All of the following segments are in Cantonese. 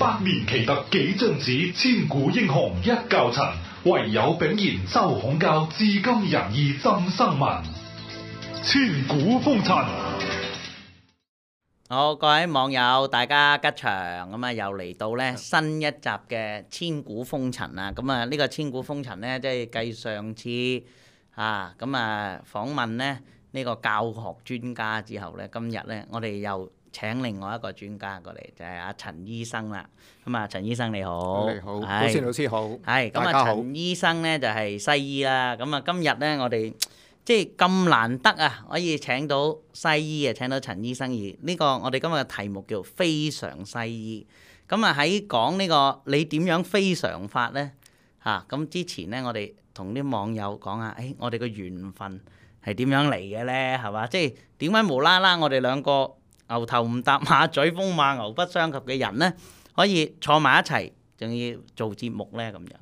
百年奇特幾張紙，千古英雄一窖塵。惟有炳然周孔教，至今仁義浸生民。千古風塵。好，各位網友，大家吉祥咁啊！又嚟到呢新一集嘅《千古風塵》啊！咁啊，呢個《千古風塵》呢，即係繼上次啊咁啊訪問呢呢個教學專家之後呢，今日呢，我哋又。請另外一個專家過嚟，就係、是、阿陳醫生啦。咁啊，陳醫生，你好，你好，你好是寶善老師好，係咁啊，陳醫生咧就係、是、西醫啦。咁啊，今日咧我哋即係咁難得啊，可以請到西醫啊，請到陳醫生而呢、這個我哋今日嘅題目叫非常西醫。咁啊喺講呢、這個你點樣非常法咧嚇？咁、啊、之前咧我哋同啲網友講下，誒、哎、我哋嘅緣分係點樣嚟嘅咧係嘛？即係點解無啦啦我哋兩個？牛頭唔搭馬嘴，風馬牛不相及嘅人呢，可以坐埋一齊，仲要做節目呢。咁樣。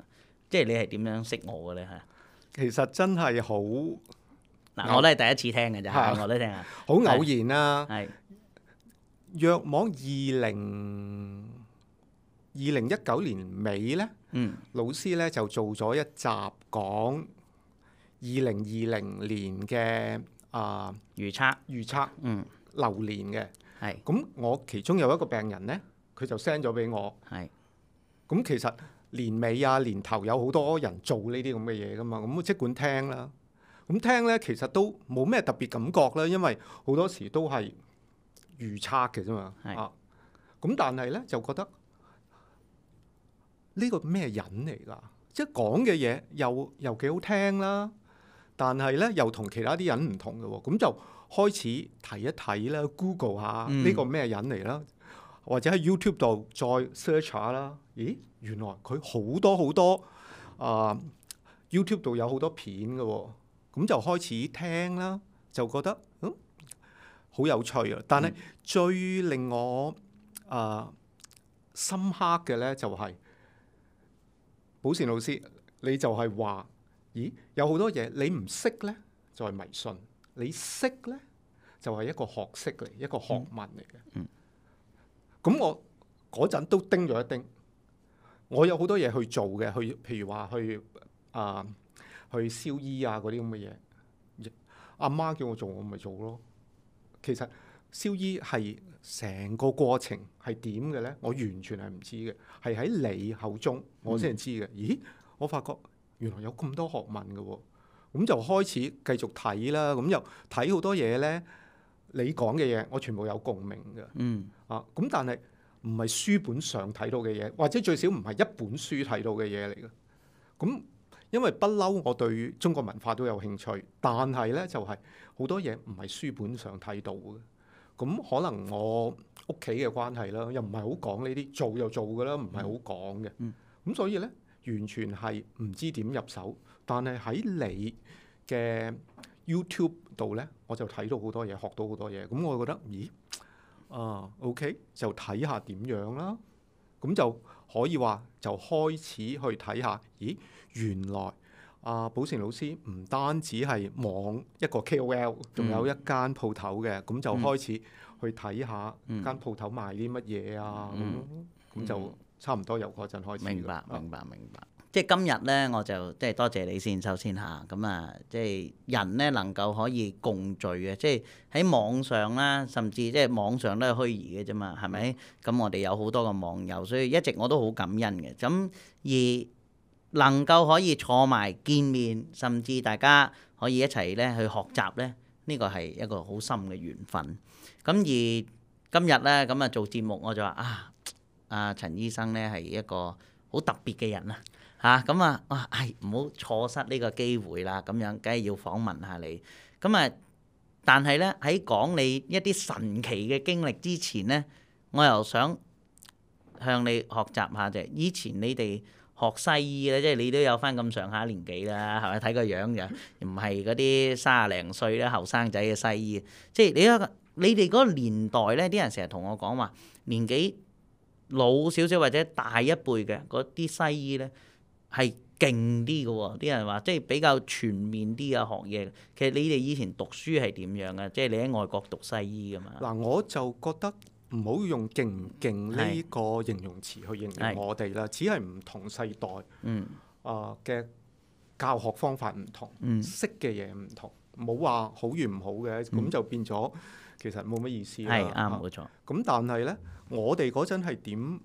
即係你係點樣識我嘅呢？係，其實真係好嗱，我都係第一次聽嘅啫，的我都聽下，好偶然啦、啊。係約莫二零二零一九年尾呢，嗯，老師呢就做咗一集講二零二零年嘅啊預測，預、呃、測策，嗯。流年嘅，咁是我其中有一個病人咧，佢就 send 咗俾我。咁是其實年尾啊、年頭有好多人做呢啲咁嘅嘢噶嘛，咁我即管聽啦。咁聽咧，其實都冇咩特別感覺啦，因為好多時都係預測嘅啫嘛。是啊，咁但係咧就覺得呢個咩人嚟㗎？即係講嘅嘢又又幾好聽啦，但係咧又同其他啲人唔同嘅喎、啊，咁就。開始睇一睇啦，Google 下呢、嗯、個咩人嚟啦，或者喺 YouTube 度再 search 下啦。咦，原來佢好多好多啊、呃、YouTube 度有好多片嘅、哦，咁就開始聽啦，就覺得嗯好有趣啊。但係最令我啊、呃、深刻嘅咧、就是，就係寶善老師，你就係話，咦，有好多嘢你唔識咧，就係、是、迷信。你識咧，就係、是、一個學識嚟，一個學問嚟嘅。咁、嗯嗯、我嗰陣都叮咗一叮。我有好多嘢去做嘅，去譬如話去啊去燒衣啊嗰啲咁嘅嘢。阿媽，媽叫我做，我咪做咯。其實燒衣係成個過程係點嘅咧？我完全係唔知嘅，係喺你口中我先知嘅。咦？我發覺原來有咁多學問嘅喎。咁就開始繼續睇啦，咁又睇好多嘢咧。你講嘅嘢，我全部有共鳴嘅。嗯。啊，咁但係唔係書本上睇到嘅嘢，或者最少唔係一本書睇到嘅嘢嚟嘅。咁因為不嬲，我對中國文化都有興趣，但係咧就係、是、好多嘢唔係書本上睇到嘅。咁可能我屋企嘅關係啦，又唔係好講呢啲，做又做噶啦，唔係好講嘅。咁、嗯、所以咧，完全係唔知點入手。但係喺你嘅 YouTube 度呢，我就睇到好多嘢，學到好多嘢。咁我覺得，咦，啊、uh，OK，就睇下點樣啦。咁就可以話就開始去睇下，咦，原來阿寶、啊、善老師唔單止係網一個 KOL，仲有一間鋪頭嘅。咁、嗯、就開始去睇下間鋪頭賣啲乜嘢啊。咁、嗯、就差唔多由嗰陣開始。明白，明白，明白。即係今日呢，我就即係多謝你先，首先吓咁啊！即係人呢，能夠可以共聚嘅，即係喺網上啦，甚至即係網上都係虛擬嘅啫嘛，係咪？咁我哋有好多個網友，所以一直我都好感恩嘅。咁而能夠可以坐埋見面，甚至大家可以一齊呢去學習呢，呢個係一個好深嘅緣分。咁、啊、而今日呢，咁啊做節目我就話啊，阿陳醫生呢係一個好特別嘅人啊！嚇咁啊！哇、哎，係唔好錯失呢個機會啦！咁樣梗係要訪問下你。咁啊，但係咧喺講你一啲神奇嘅經歷之前咧，我又想向你學習下啫。以前你哋學西醫咧，即係你都有翻咁上下年紀啦，係咪？睇個樣樣唔係嗰啲卅零歲咧後生仔嘅西醫。即係你你哋嗰個年代咧，啲人成日同我講話年紀老少少或者大一輩嘅嗰啲西醫咧。係勁啲嘅喎，啲人話即係比較全面啲啊學嘢。其實你哋以前讀書係點樣啊？即係你喺外國讀西醫咁嘛？嗱，我就覺得唔好用勁唔勁呢、呢個形容詞去形容我哋啦，只係唔同世代，嗯啊嘅、呃、教學方法唔同，識嘅嘢唔同，冇話好與唔好嘅，咁、嗯、就變咗其實冇乜意思啦。係啱冇錯。咁但係咧，我哋嗰陣係點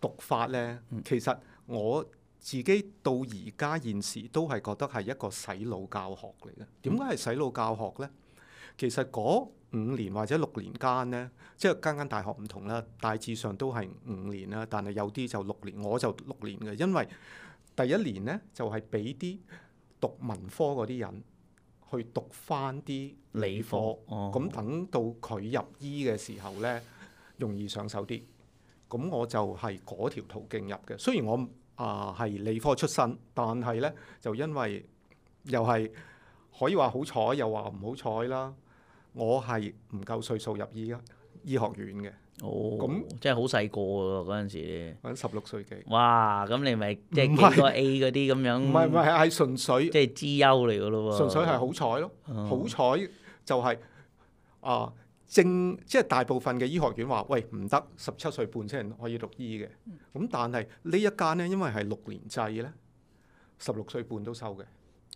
讀法咧？其實。我自己到而家現時都係覺得係一個洗腦教學嚟嘅。點解係洗腦教學呢？其實嗰五年或者六年間呢，即係間間大學唔同啦，大致上都係五年啦。但係有啲就六年，我就六年嘅，因為第一年呢，就係俾啲讀文科嗰啲人去讀翻啲理科，咁、哦、等到佢入醫嘅時候呢，容易上手啲。咁我就係嗰條途徑入嘅。雖然我啊係、呃、理科出身，但係咧就因為又係可以話好彩又話唔好彩啦。我係唔夠歲數入醫啊醫學院嘅。哦，咁那即係好細個喎嗰陣時你。揾十六歲幾？哇！咁你咪即係幾個 A 嗰啲咁樣？唔係唔係，係純粹即係資優嚟嘅咯喎。純粹係好彩咯，好彩、嗯、就係、係、啊。呃正即係大部分嘅醫學院話：喂，唔得，十七歲半先可以讀醫嘅。咁但係呢一間呢，因為係六年制呢，十六歲半都收嘅。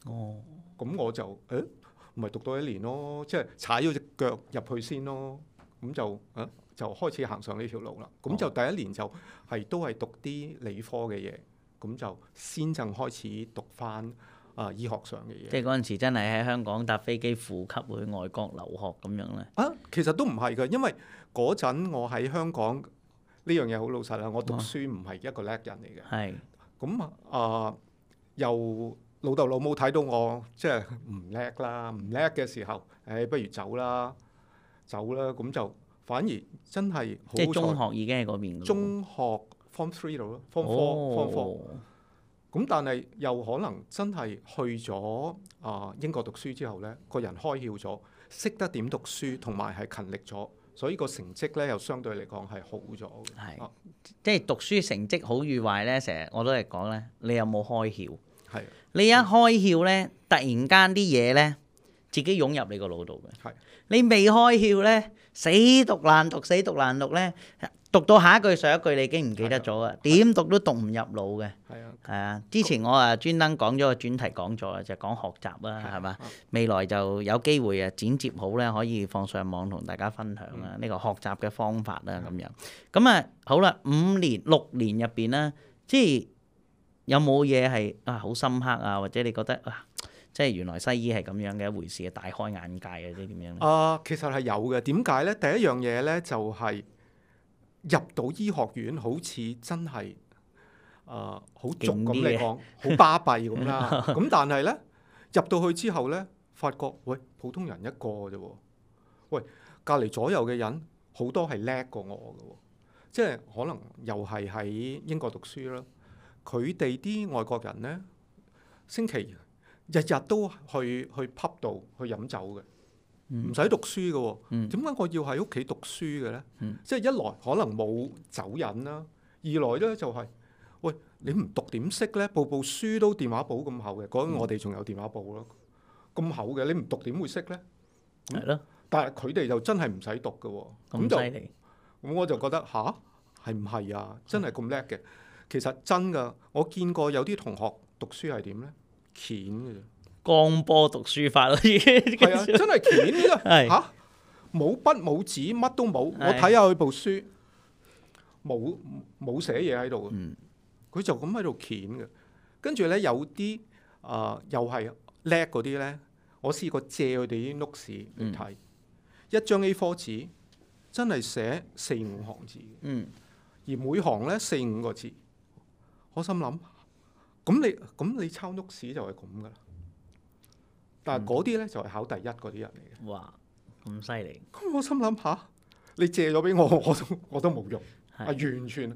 哦，咁我就誒唔係讀多一年咯，即係踩咗隻腳入去先咯。咁就誒、啊、就開始行上呢條路啦。咁、哦、就第一年就係、是、都係讀啲理科嘅嘢，咁就先正開始讀翻。啊！醫學上嘅嘢，即係嗰陣時真係喺香港搭飛機負笈去外國留學咁樣咧。啊，其實都唔係嘅，因為嗰陣我喺香港呢樣嘢好老實啦，我讀書唔係一個叻人嚟嘅。係。咁啊，又、嗯呃、老豆老母睇到我即係唔叻啦，唔叻嘅時候，誒、哎、不如走啦，走啦，咁就反而真係好。即係中學已經喺嗰邊。中學 Form three 咯。咁但係又可能真係去咗啊、呃、英國讀書之後咧，個人開竅咗，識得點讀書同埋係勤力咗，所以個成績咧又相對嚟講係好咗嘅。係，啊、即係讀書成績好與壞咧，成日我都係講咧，你有冇開竅？係，你一開竅咧，突然間啲嘢咧。自己湧入你個腦度嘅。係。是的 你未開竅咧，死讀爛讀死讀爛讀咧，讀到下一句上一句你已經唔記得咗啊！點的讀都讀唔入腦嘅。係啊的。係啊。之前我啊專登講咗個專題講座，就係、講學習啦，係嘛？的未來就有機會啊，剪接好咧，可以放上網同大家分享啦。呢個學習嘅方法啦，咁的樣。咁、嗯嗯、啊，好啦，五年六年入邊啦，即係有冇嘢係啊好深刻啊，或者你覺得啊？即係原來西醫係咁樣嘅一回事，大開眼界啊！即係點樣？啊，其實係有嘅。點解咧？第一樣嘢咧就係、是、入到醫學院，好似真係啊好俗咁嚟講，好巴閉咁啦。咁但係咧入到去之後咧，發覺喂，普通人一個啫喎。喂，隔離左右嘅人好多係叻過我㗎，即係可能又係喺英國讀書啦。佢哋啲外國人咧，星期日日都去去 pub 度去飲酒嘅，唔使、嗯、讀書嘅、哦，點解我要喺屋企讀書嘅咧？即係、嗯、一來可能冇酒癮啦，二來咧就係、是，喂，你唔讀點識咧？部部書都電話簿咁厚嘅，嗰陣、嗯、我哋仲有電話簿咯，咁厚嘅，你唔讀點會識咧？係咯的，但係佢哋就真係唔使讀嘅喎，咁就，犀利，咁我就覺得吓？係唔係啊？真係咁叻嘅？其實真嘅，我見過有啲同學讀書係點咧？鉗嘅，江波讀書法咯，係 啊，真係鉗呢個，吓，冇筆冇紙乜都冇，是我睇下佢部書，冇冇寫嘢喺度嘅，佢、嗯、就咁喺度鉗嘅，跟住咧有啲啊、呃、又係叻嗰啲咧，我試過借佢哋啲 notes 去睇、嗯，一張 A4 紙真係寫四五行字，嗯，而每行咧四五個字，我心諗。咁你咁你抄屋史就係咁噶啦，但係嗰啲咧就係考第一嗰啲人嚟嘅。哇，咁犀利！咁我心諗下，你借咗俾我，我都我都冇用，係是完全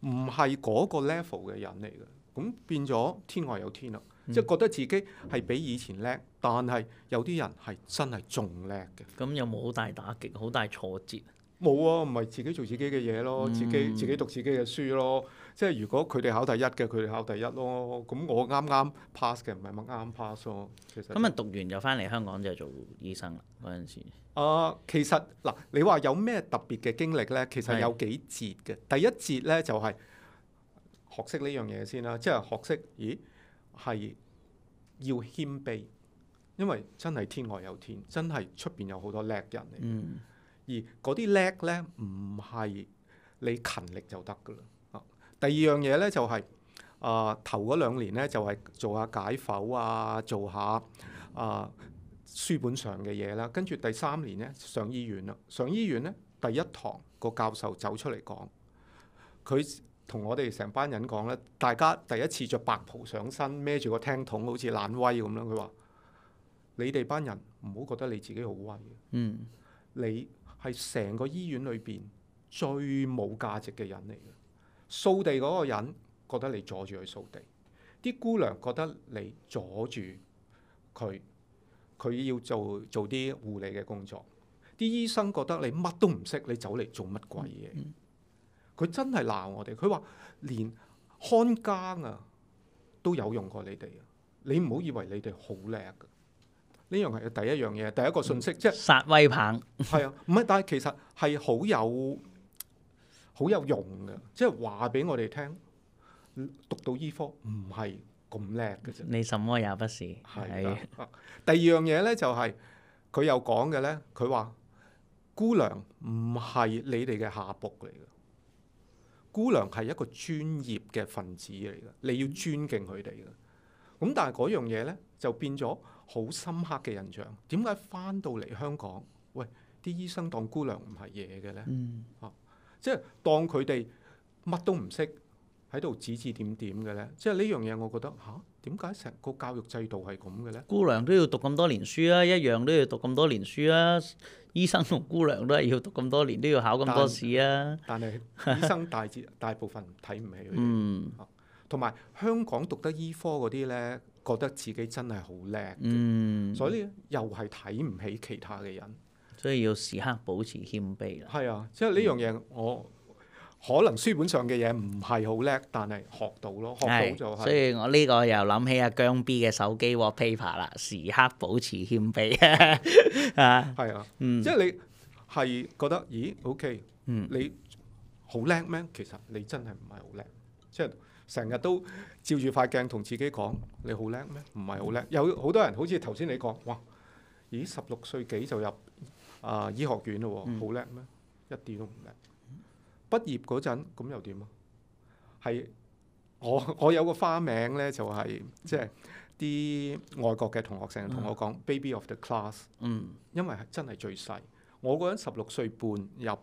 唔係嗰個 level 嘅人嚟嘅。咁變咗天外有天啦，嗯、即係覺得自己係比以前叻，但係有啲人係真係仲叻嘅。咁、嗯、有冇好大打擊，好大挫折？冇啊，唔係自己做自己嘅嘢咯，嗯、自己自己讀自己嘅書咯。即係如果佢哋考第一嘅，佢哋考第一咯。咁我啱啱 pass 嘅唔係乜啱啱 pass 咯。其實咁啊、嗯，嗯、讀完就翻嚟香港就做醫生啦。嗰陣時啊、呃，其實嗱，你話有咩特別嘅經歷咧？其實有幾節嘅。是第一節咧就係、是、學識呢樣嘢先啦，即係學識咦係要謙卑，因為真係天外有天，真係出邊有好多叻人嚟。嗯。而嗰啲叻咧唔係你勤力就得噶啦。第二樣嘢咧就係啊，頭嗰兩年咧就係做下解剖啊，做下啊書本上嘅嘢啦。跟住第三年咧上醫院啦，上醫院咧第一堂個教授走出嚟講，佢同我哋成班人講咧，大家第一次着白袍上身，孭住個聽筒好似懶威咁樣。佢話：你哋班人唔好覺得你自己好威，嗯，你係成個醫院裏邊最冇價值嘅人嚟嘅。掃地嗰個人覺得你阻住佢掃地，啲姑娘覺得你阻住佢，佢要做做啲護理嘅工作，啲醫生覺得你乜都唔識，你走嚟做乜鬼嘢？佢真係鬧我哋，佢話連看更啊都有用過你哋，你唔好以為你哋好叻嘅。呢樣係第一樣嘢，第一個信息，即係、嗯即係、殺威棒。係 啊，唔係，但係其實係好有。好有用嘅，即係話俾我哋聽，讀到醫科唔係咁叻嘅啫。你什麼也不是係。是的 第二樣嘢咧，就係佢又講嘅咧，佢話姑娘唔係你哋嘅下僕嚟嘅，姑娘係一個專業嘅分子嚟嘅，你要尊敬佢哋嘅。咁但係嗰樣嘢咧，就變咗好深刻嘅印象。點解返到嚟香港，喂，啲醫生當姑娘唔係嘢嘅咧？嗯。啊。即係當佢哋乜都唔識，喺度指指點點嘅咧。即係呢樣嘢，我覺得嚇，點解成個教育制度係咁嘅咧？姑娘都要讀咁多年書啊，一樣都要讀咁多年書啊。醫生同姑娘都係要讀咁多年，都要考咁多試啊。但係醫生大截 大部分睇唔起佢哋。嗯。同埋香港讀得醫科嗰啲咧，覺得自己真係好叻嘅。嗯，所以、嗯、又係睇唔起其他嘅人。都要時刻保持謙卑啦。係啊，即係呢樣嘢，嗯、我可能書本上嘅嘢唔係好叻，但係學到咯，學到就係。所以我呢個又諗起阿姜 B 嘅手機 wall paper 啦，時刻保持謙卑 啊。係啊，嗯、即係你係覺得，咦？OK，嗯，你好叻咩？其實你真係唔係好叻，即係成日都照住塊鏡同自己講你好叻咩？唔係好叻。嗯、有好多人好似頭先你講，哇，咦？咦十六、十六歲幾就入？啊！醫學院咯，好叻咩？一啲都唔叻。畢業嗰陣，咁又點啊？係我我有個花名咧，就係即係啲外國嘅同學成日同我講、嗯、Baby of the class、嗯、因為係真係最細。我嗰陣十六歲半入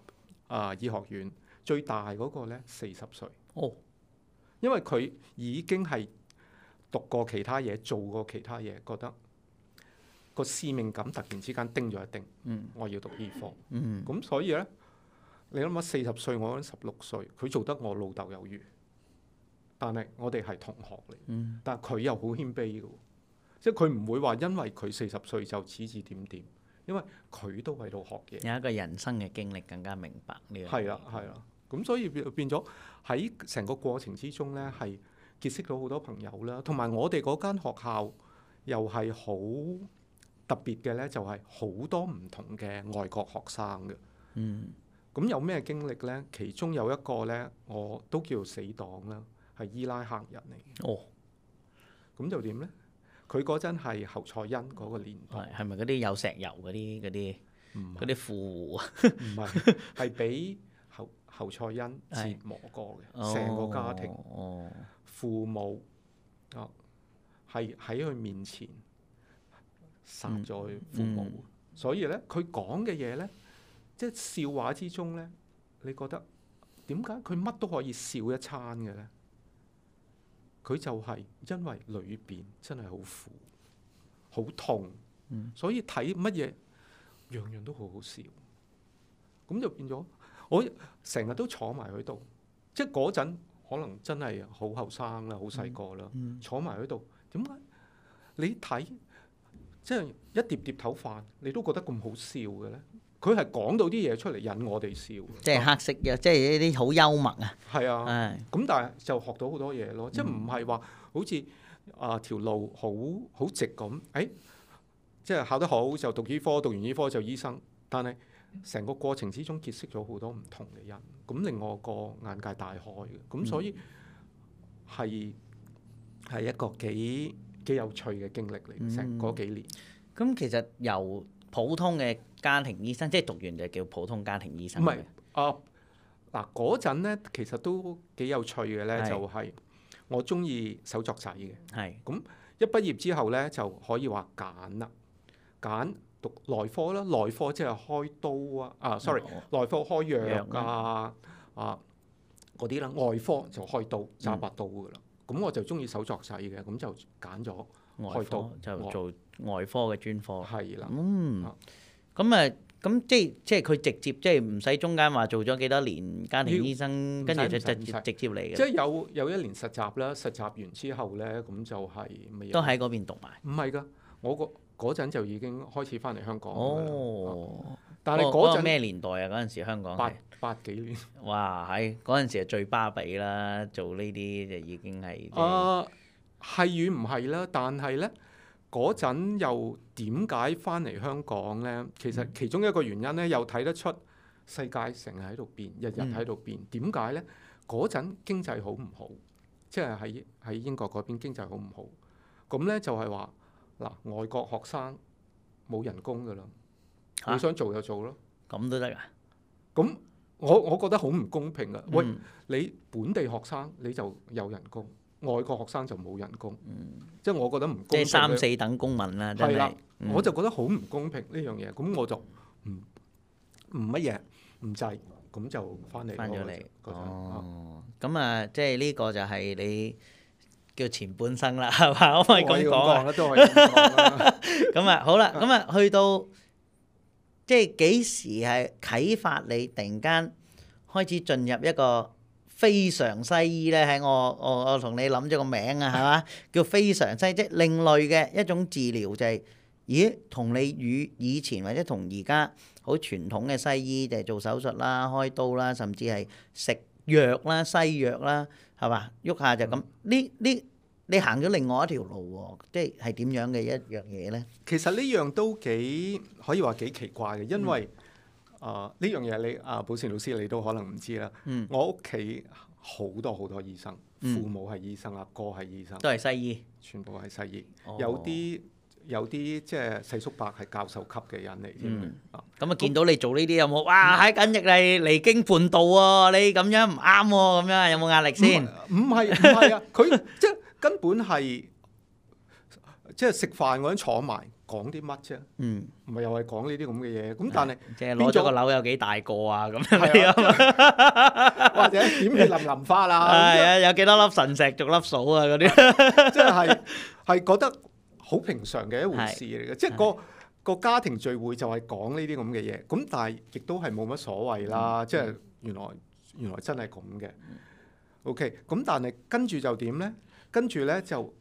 啊醫學院，最大嗰個咧四十歲。哦，因為佢已經係讀過其他嘢，做過其他嘢，覺得。個使命感突然之間叮咗一叮，嗯、我要讀醫科。咁、嗯嗯、所以咧，你諗下四十歲我嗰陣十六歲，佢做得我老豆有餘，但係我哋係同學嚟。嗯、但係佢又好謙卑嘅，即係佢唔會話因為佢四十歲就指指點點，因為佢都喺度學嘢。有一個人生嘅經歷更加明白呢樣、啊。係啦、啊，係啦。咁所以變變咗喺成個過程之中咧，係結識到好多朋友啦。同埋我哋嗰間學校又係好。特別嘅咧，就係好多唔同嘅外國學生嘅，嗯，咁有咩經歷咧？其中有一個咧，我都叫死黨啦，係伊拉克人嚟。哦，咁就點咧？佢嗰陣係侯賽恩嗰個年代，係咪嗰啲有石油嗰啲嗰啲嗰啲富啊？唔係，係俾是 侯侯賽恩折磨過嘅，成是個家庭，哦、父母啊，係喺佢面前。殺咗父母，嗯嗯、所以咧，佢講嘅嘢咧，即係笑話之中咧，你覺得點解佢乜都可以笑一餐嘅咧？佢就係因為裏邊真係好苦、好痛，嗯、所以睇乜嘢樣樣都好好笑。咁就變咗，我成日都坐埋喺度，即係嗰陣可能真係好後生啦、好細個啦，嗯嗯、坐埋喺度點解？你睇？即係一碟碟頭飯，你都覺得咁好笑嘅咧？佢係講到啲嘢出嚟引我哋笑。即係黑色嘅，即係呢啲好幽默啊。係啊，咁、嗯、但係就學到好多嘢咯。即係唔係話好似啊條路好好直咁，誒、哎，即係考得好就讀醫科，讀完醫科就醫生。但係成個過程之中結識咗好多唔同嘅人，咁令我個眼界大開嘅。咁所以係係一個幾幾有趣嘅經歷嚟，成個幾年。咁、嗯、其實由普通嘅家庭醫生，即係讀完就叫普通家庭醫生。唔係啊，嗱嗰陣咧，其實都幾有趣嘅咧，是就係我中意手作仔嘅。係咁是一畢業之後咧，就可以話揀啦，揀讀內科啦，內科即係開刀啊，啊，Sorry，、哦、內科開藥啊、嗯嗯、啊嗰啲啦，外科就開刀揸把刀噶、啊、啦。嗯咁我就鍾意手作仔嘅，咁就揀咗外科，到就做外科嘅專科。係啦的，嗯，咁誒、啊，咁即係即係佢直接，即係唔使中間話做咗幾多年家庭醫生，跟住於就直接直接嚟嘅。即係有有一年實習啦，實習完之後咧，咁就係乜嘢？都喺嗰邊讀埋。唔係㗎，我個嗰陣就已經開始返嚟香港。哦。但係嗰陣咩年代啊？嗰陣時香港八八幾年，哇係嗰陣時係最巴比啦，做呢啲就已經係啊係與唔係啦？但係咧，嗰陣又點解翻嚟香港咧？其實其中一個原因咧，又睇得出世界成日喺度變，日日喺度變。點解咧？嗰陣經濟好唔好？即係喺喺英國嗰邊經濟好唔好？咁咧就係話嗱，外國學生冇人工㗎啦。你想做就做咯，咁都得㗎？咁我我覺得好唔公平噶。嗯、喂，你本地學生你就有人工，外國學生就冇人工。即係、嗯、我覺得唔公平，即係三四等公民啦，真係。啊嗯、我就覺得好唔公平呢樣嘢。咁我就唔唔乜嘢，唔、嗯、制，咁、嗯、就翻嚟翻咗嚟。哦，咁啊，嗯、即係呢個就係你叫前半生啦，係嘛？我咪咁講。咁啊， 好啦，咁啊，去到。去到即係幾時係啟發你突然間開始進入一個非常西醫咧？喺我我我同你諗咗個名啊，係嘛？叫非常西醫即係另類嘅一種治療就係，咦？同你與以前或者同而家好傳統嘅西醫就係做手術啦、開刀啦，甚至係食藥啦、西藥啦，係嘛？喐下就咁呢呢。你行咗另外一條路喎，即係點樣嘅一樣嘢呢？其實呢樣都幾可以話幾奇怪嘅，因為啊呢、嗯呃、樣嘢你啊寶善老師你都可能唔知啦。嗯、我屋企好多好多醫生，父母係醫生啊，阿哥係醫生，都係西醫，嗯、全部係西醫。有啲有啲即係細叔伯係教授級嘅人嚟添。咁、嗯、啊、嗯、見到你做呢啲有冇哇喺緊逆嚟離經叛道喎、啊？你咁樣唔啱喎，咁樣，樣有冇壓力先？唔係唔係啊，佢即係。根本係即係食飯嗰陣坐埋講啲乜啫？嗯，唔係又係講呢啲咁嘅嘢。咁但係即係攞咗個樓有幾大個啊？咁樣啲啊嘛，或者點起淋淋花啦？係啊，有幾多粒神石，逐粒數啊！嗰啲即係係覺得好平常嘅一回事嚟嘅。即係個個家庭聚會就係講呢啲咁嘅嘢。咁但係亦都係冇乜所謂啦。即係原來原來真係咁嘅。OK，咁但係跟住就點咧？跟住咧就，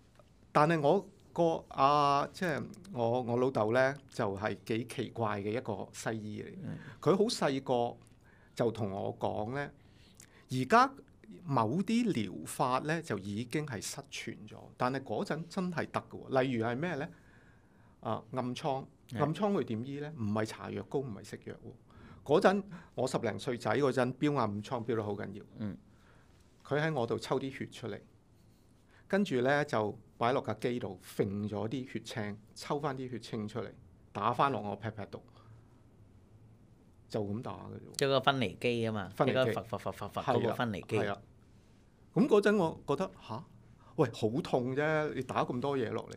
但係我個啊，即係我我老豆咧就係、是、幾奇怪嘅一個西醫嚟。佢好細個就同我講咧，而家某啲療法咧就已經係失傳咗。但係嗰陣真係得嘅，例如係咩咧？啊，暗瘡，是的 暗瘡佢點醫咧？唔係搽藥膏，唔係食藥。嗰陣我十零歲仔嗰陣，標暗瘡標得好緊要。佢喺、嗯、我度抽啲血出嚟。跟住咧就擺落架機度揈咗啲血清，抽翻啲血清出嚟，打翻落我 pat pat 度，就咁打嘅啫。即個分離機啊嘛，分離機，分分分分分嗰個分離機。係啊，咁嗰陣我覺得吓，喂好痛啫！你打咁多嘢落嚟，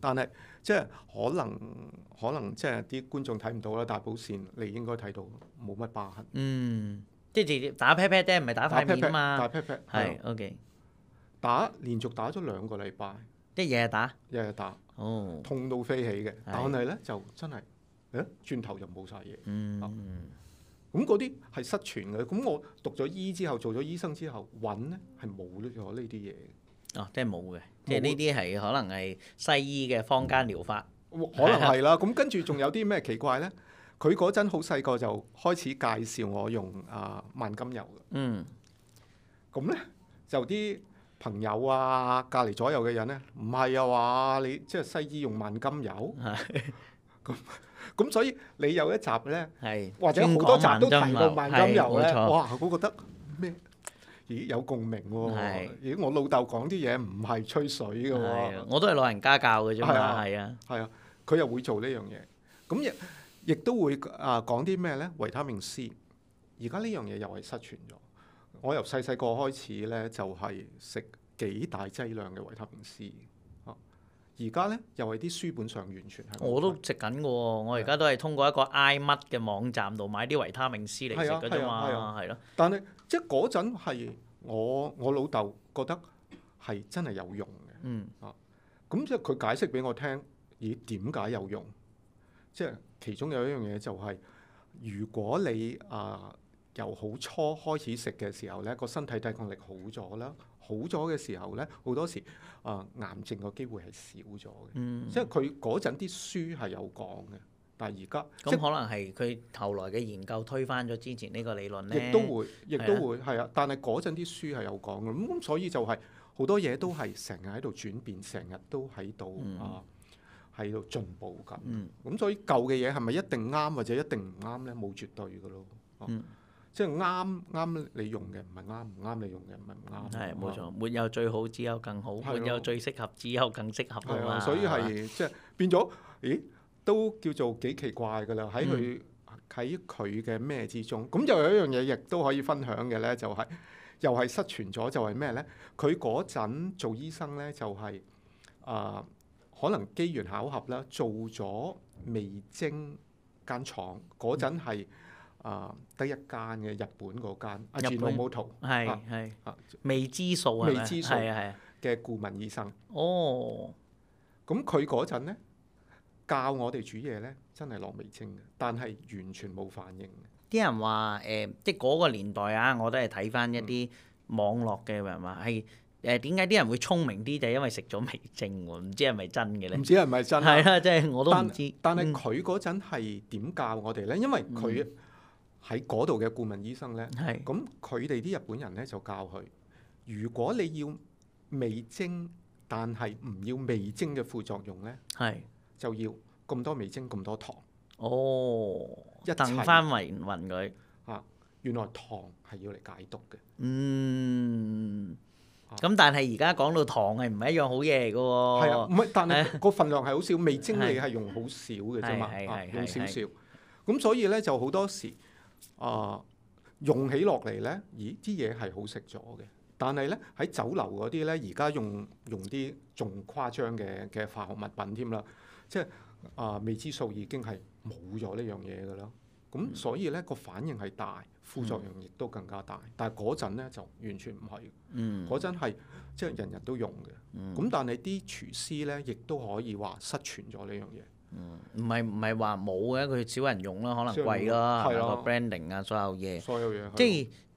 但係即係可能可能即係啲觀眾睇唔到啦，大係寶善你應該睇到冇乜疤痕。嗯，即係直接打 pat pat 啫，唔係打塊面啊嘛。打 pat pat。係，OK。 打連續打咗兩個禮拜，一日打，日日打，痛到飛起嘅。但係咧就真係，誒轉頭就冇晒嘢。嗯，咁嗰啲係失傳嘅。咁我讀咗醫之後，做咗醫生之後，揾咧係冇咗呢啲嘢。哦，即係冇嘅，即係呢啲係可能係西醫嘅坊間療法。可能係啦。咁跟住仲有啲咩奇怪咧？佢嗰陣好細個就開始介紹我用啊萬金油。嗯。咁咧就啲。朋友啊，隔離左右嘅人咧，唔係啊話你即係西醫用萬金油，咁咁 所以你有一集咧，是或者好多集都提過萬金油咧，哇，我覺得咩？咦，有共鳴喎、啊！咦是，我老豆講啲嘢唔係吹水嘅喎、啊啊，我都係老人家教嘅啫嘛，係啊，係啊，佢、啊、又會做呢樣嘢，咁亦亦都會啊講啲咩咧？維他命 C，而家呢樣嘢又係失傳咗。我由細細個開始咧，就係食幾大劑量嘅維他命 C，啊。而家咧又係啲書本上完全係。我，是的 我都食緊嘅喎，我而家都係通過一個 i 乜嘅網站度買啲維他命 C 嚟食嘅啫嘛，係咯。是的 但係即係嗰陣係我我老豆覺得係真係有用嘅。嗯咁即係佢解釋俾我聽，咦點解有用？即係其中有一樣嘢就係，如果你啊。由好初開始食嘅時候咧，個身體抵抗力好咗啦，好咗嘅時候咧，好多時啊、呃，癌症嘅機會係少咗嘅。嗯、即因係佢嗰陣啲書係有講嘅，但係而家即可能係佢後來嘅研究推翻咗之前呢個理論咧。亦都會，亦都會，係啊，啊！但係嗰陣啲書係有講嘅，咁所以就係好多嘢都係成日喺度轉變，成日都喺度、嗯、啊，喺度進步緊。咁、嗯嗯、所以舊嘅嘢係咪一定啱或者一定唔啱咧？冇絕對嘅咯。嗯。嗯。即係啱啱你用嘅，唔係啱唔啱你用嘅，唔係唔啱。係冇錯，沒有最好，只有更好；沒有最適合，只有更適合啊，所以係即係變咗，咦？都叫做幾奇怪噶啦！喺佢喺佢嘅咩之中，咁、嗯、又有一樣嘢亦都可以分享嘅咧，就係、是、又係失傳咗，就係咩咧？佢嗰陣做醫生咧，就係、是、啊、呃，可能機緣巧合啦，做咗微晶間牀嗰陣係。啊，得一間嘅日本嗰間，阿全冇圖，係係、啊啊、未知數啊，未知數係啊嘅顧問醫生。哦，咁佢嗰陣咧教我哋煮嘢咧，真係落味精嘅，但係完全冇反應。啲人話誒、呃，即係嗰個年代啊，我都係睇翻一啲網絡嘅話話係誒點解啲人會聰明啲，就係、是、因為食咗味精喎、啊，唔知係咪真嘅咧？唔知係咪真？係啦的，即係我都唔知。但係佢嗰陣係點教我哋咧？因為佢、嗯。喺嗰度嘅顧問醫生咧，咁佢哋啲日本人咧就教佢，如果你要味精，但係唔要味精嘅副作用咧，係就要咁多味精，咁多糖哦，一齊混混佢嚇。原來糖係要嚟解毒嘅。嗯，咁但係而家講到糖係唔係一樣好嘢嚟嘅？係啊，唔係，但係個份量係好少，味精你係用好少嘅啫嘛，用少少咁，所以咧就好多時。啊，用起落嚟呢，咦，啲嘢係好食咗嘅。但係呢，喺酒樓嗰啲呢，而家用用啲仲誇張嘅嘅化學物品添啦。即係啊，未知數已經係冇咗呢樣嘢嘅啦。咁所以呢個反應係大，副作用亦都更加大。但係嗰陣呢就完全唔係，嗯，嗰陣係即係人人都用嘅。咁，嗯，但係啲廚師呢，亦都可以話失傳咗呢樣嘢。唔係唔係話冇嘅，佢少、嗯、人用啦，可能貴啦，係啊，branding 啊，所有嘢，所有嘢，即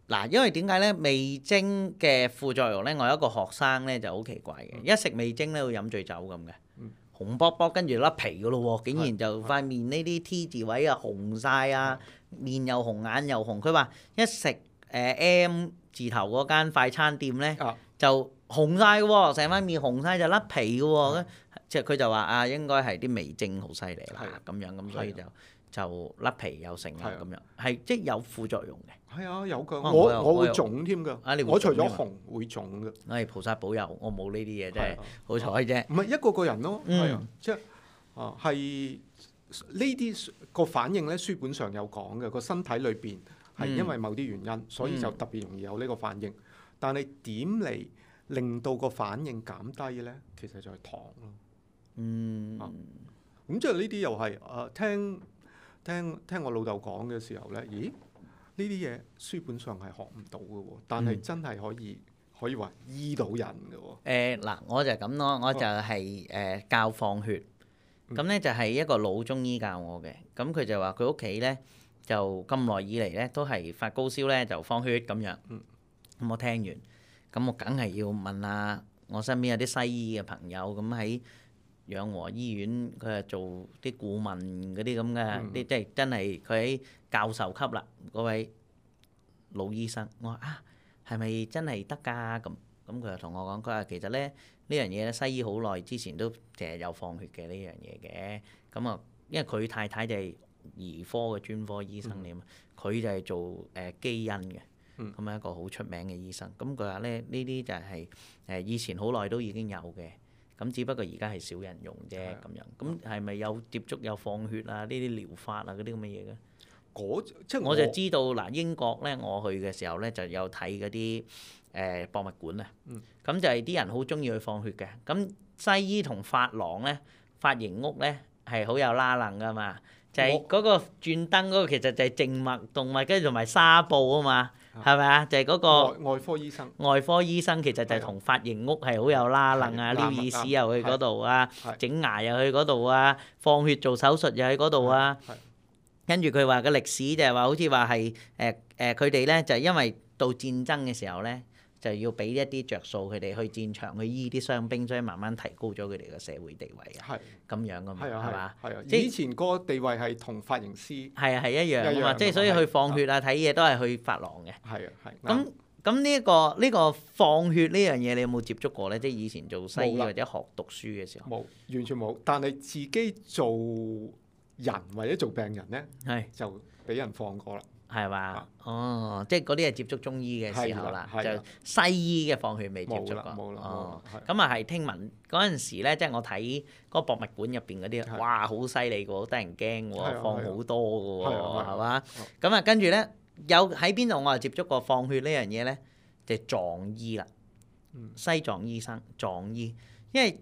係嗱，的因為點解咧味精嘅副作用咧？我有一個學生咧就好奇怪嘅，嗯、一食味精咧會飲醉酒咁嘅，嗯、紅卜卜，跟住甩皮噶咯喎，竟然就塊面呢啲 T 字位啊紅晒啊，嗯、面又紅眼又紅，佢話一食誒 M 字頭嗰間快餐店咧、啊、就紅晒嘅喎，成塊面紅晒就甩皮嘅喎。嗯嗯即係佢就話啊，應該係啲味精好犀利啦，咁樣咁，所以就就甩皮又成啦，咁樣係即係有副作用嘅。係啊，有㗎。我我會腫添㗎。我除咗紅，會腫㗎。係菩薩保佑，我冇呢啲嘢啫，好彩啫。唔係一個個人咯，即係啊，係呢啲個反應咧，書本上有講嘅個身體裏邊係因為某啲原因，所以就特別容易有呢個反應。但係點嚟令到個反應減低咧？其實就係糖咯。嗯，咁即係呢啲又係誒、啊、聽聽聽我老豆講嘅時候咧，咦？呢啲嘢書本上係學唔到嘅喎，但係真係可以、嗯、可以話醫到人嘅喎。嗱、呃，我就係咁咯，我就係、是、誒、呃、教放血咁咧，啊、就係一個老中醫教我嘅。咁佢、嗯、就話佢屋企咧就咁耐以嚟咧都係發高燒咧就放血咁樣。咁、嗯、我聽完咁我梗係要問下我身邊有啲西醫嘅朋友咁喺。養和醫院，佢係做啲顧問嗰啲咁嘅，啲、嗯、即係真係佢喺教授級啦。嗰位老醫生，我話啊，係咪真係得㗎？咁咁佢就同我講，佢話其實咧呢樣嘢西醫好耐之前都淨係有放血嘅呢樣嘢嘅。咁啊，因為佢太太就係兒科嘅專科醫生嚟，嘛、嗯，佢就係做誒基因嘅，咁樣、嗯、一個好出名嘅醫生。咁佢話咧呢啲就係誒以前好耐都已經有嘅。咁只不過而家係少人用啫，咁樣的，咁係咪有接觸有放血啊？呢啲療法啊，嗰啲咁嘅嘢嘅？即我，我就知道嗱，英國咧，我去嘅時候咧，就有睇嗰啲誒博物館啊。嗯。咁就係啲人好中意去放血嘅。咁西醫同髮廊咧，髮型屋咧係好有拉能噶嘛？就係、是、嗰個轉燈嗰個，其實就係靜脈動脈，跟住同埋紗布啊嘛。係咪啊？就係嗰個外科醫生。外科醫生其實就係同髮型屋係好有拉楞啊，撩耳屎又去嗰度啊，整牙又去嗰度啊，放血做手術又去嗰度啊。跟住佢話嘅歷史就係話，好似話係誒誒，佢哋咧就係因為到戰爭嘅時候咧。就要俾一啲着數佢哋去戰場去醫啲傷兵，所以慢慢提高咗佢哋嘅社會地位啊，咁樣噶嘛，係嘛？係啊，以前個地位係同髮型師係啊係一樣，即係所以去放血啊，睇嘢都係去髮廊嘅。係啊係。咁咁呢一個呢個放血呢樣嘢，你有冇接觸過咧？即係以前做西醫或者學讀書嘅時候，冇，完全冇，但係自己做人或者做病人咧，係就俾人放過啦。係嘛？哦，即係嗰啲係接觸中醫嘅時候啦，就西醫嘅放血未接觸過。冇啦，冇啦。咁啊係聽聞嗰陣時咧，即係我睇嗰博物館入邊嗰啲，哇，好犀利㗎，好得人驚㗎，放好多㗎，係嘛？咁啊，跟住咧有喺邊度我又接觸過放血呢樣嘢咧，就藏醫啦，西藏醫生藏醫，因為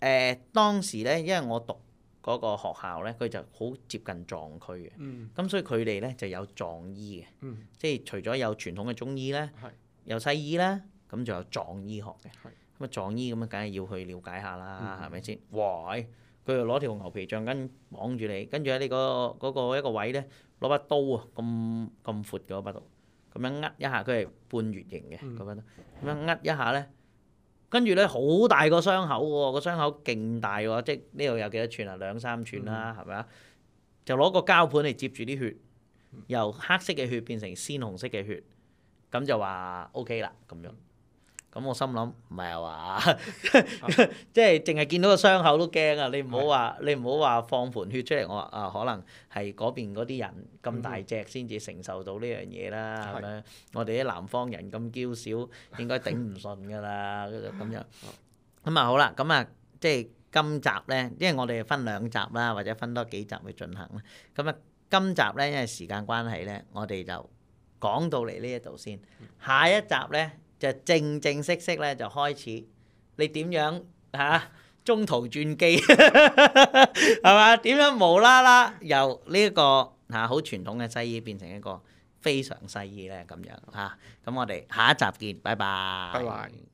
誒當時咧，因為我讀，嗰個學校咧，佢就好接近藏區嘅，咁、嗯、所以佢哋咧就有藏醫嘅，嗯、即係除咗有傳統嘅中醫咧，有是西醫啦，咁就有藏醫學嘅。咁啊藏醫咁啊，梗係要去了解下啦，係咪先？喂，佢就攞條牛皮橡筋綁住你，跟住喺你嗰、嗰、嗰、個嗰個一個位咧，攞把刀啊，咁咁闊嘅把刀，咁樣扼一下，佢係半月形嘅嗰把刀，咁、嗯嗯、樣扼一下咧。跟住咧，好大個傷口喎、哦，個傷口勁大喎、哦，即呢度有幾多寸啊？兩三寸啦，係咪啊？嗯、就攞個膠盤嚟接住啲血，由黑色嘅血變成鮮紅色嘅血，咁就話 OK 啦，咁樣。嗯咁我心諗唔係啊嘛， 即係淨係見到個傷口都驚的啊！你唔好話你唔好話放盤血出嚟，我話啊可能係嗰邊嗰啲人咁大隻先至承受到呢樣嘢啦，係咪的？的我哋啲南方人咁嬌小，應該頂唔順噶啦，咁 樣。咁啊 好啦，咁啊即係今集咧，因為我哋分兩集啦，或者分多幾集去進行啦。咁啊今集咧，因為時間關係咧，我哋就講到嚟呢一度先，下一集咧。就正正式式咧，就開始你點樣嚇、啊、中途轉機係嘛？點 樣無啦啦由呢、這、一個嚇、啊、好傳統嘅西醫變成一個非常西醫咧咁樣嚇？咁、啊、我哋下一集見，拜拜。拜拜